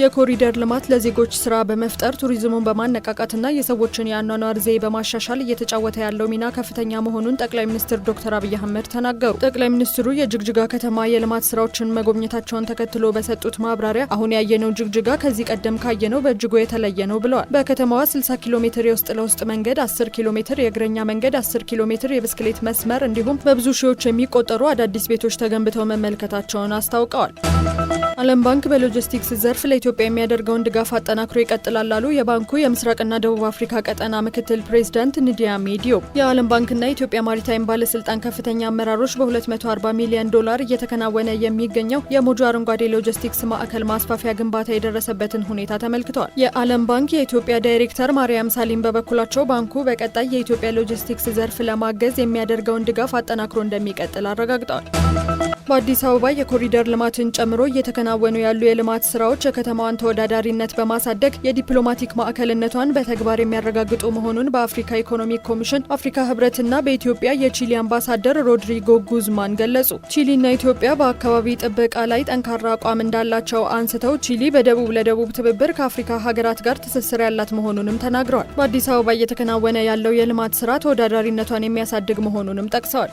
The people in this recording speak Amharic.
የኮሪደር ልማት ለዜጎች ስራ በመፍጠር ቱሪዝሙን በማነቃቃትና የሰዎችን የአኗኗር ዘዬ በማሻሻል እየተጫወተ ያለው ሚና ከፍተኛ መሆኑን ጠቅላይ ሚኒስትር ዶክተር አብይ አህመድ ተናገሩ። ጠቅላይ ሚኒስትሩ የጅግጅጋ ከተማ የልማት ስራዎችን መጎብኘታቸውን ተከትሎ በሰጡት ማብራሪያ አሁን ያየነው ጅግጅጋ ከዚህ ቀደም ካየነው በእጅጉ የተለየ ነው ብለዋል። በከተማዋ 60 ኪሎ ሜትር የውስጥ ለውስጥ መንገድ፣ 10 ኪሎ ሜትር የእግረኛ መንገድ፣ 10 ኪሎ ሜትር የብስክሌት መስመር እንዲሁም በብዙ ሺዎች የሚቆጠሩ አዳዲስ ቤቶች ተገንብተው መመልከታቸውን አስታውቀዋል። ዓለም ባንክ በሎጂስቲክስ ዘርፍ ለኢትዮ ለኢትዮጵያ የሚያደርገውን ድጋፍ አጠናክሮ ይቀጥላል ላሉ የባንኩ የምስራቅና ደቡብ አፍሪካ ቀጠና ምክትል ፕሬዚዳንት ንዲያ ሜዲዮ። የዓለም ባንክና ኢትዮጵያ ማሪታይም ባለስልጣን ከፍተኛ አመራሮች በ240 ሚሊዮን ዶላር እየተከናወነ የሚገኘው የሞጆ አረንጓዴ ሎጂስቲክስ ማዕከል ማስፋፊያ ግንባታ የደረሰበትን ሁኔታ ተመልክተዋል። የዓለም ባንክ የኢትዮጵያ ዳይሬክተር ማርያም ሳሊም በበኩላቸው ባንኩ በቀጣይ የኢትዮጵያ ሎጂስቲክስ ዘርፍ ለማገዝ የሚያደርገውን ድጋፍ አጠናክሮ እንደሚቀጥል አረጋግጠዋል። በአዲስ አበባ የኮሪደር ልማትን ጨምሮ እየተከናወኑ ያሉ የልማት ስራዎች የከተማዋን ተወዳዳሪነት በማሳደግ የዲፕሎማቲክ ማዕከልነቷን በተግባር የሚያረጋግጡ መሆኑን በአፍሪካ ኢኮኖሚክ ኮሚሽን አፍሪካ ህብረትና በኢትዮጵያ የቺሊ አምባሳደር ሮድሪጎ ጉዝማን ገለጹ። ቺሊና ኢትዮጵያ በአካባቢ ጥበቃ ላይ ጠንካራ አቋም እንዳላቸው አንስተው ቺሊ በደቡብ ለደቡብ ትብብር ከአፍሪካ ሀገራት ጋር ትስስር ያላት መሆኑንም ተናግረዋል። በአዲስ አበባ እየተከናወነ ያለው የልማት ስራ ተወዳዳሪነቷን የሚያሳድግ መሆኑንም ጠቅሰዋል።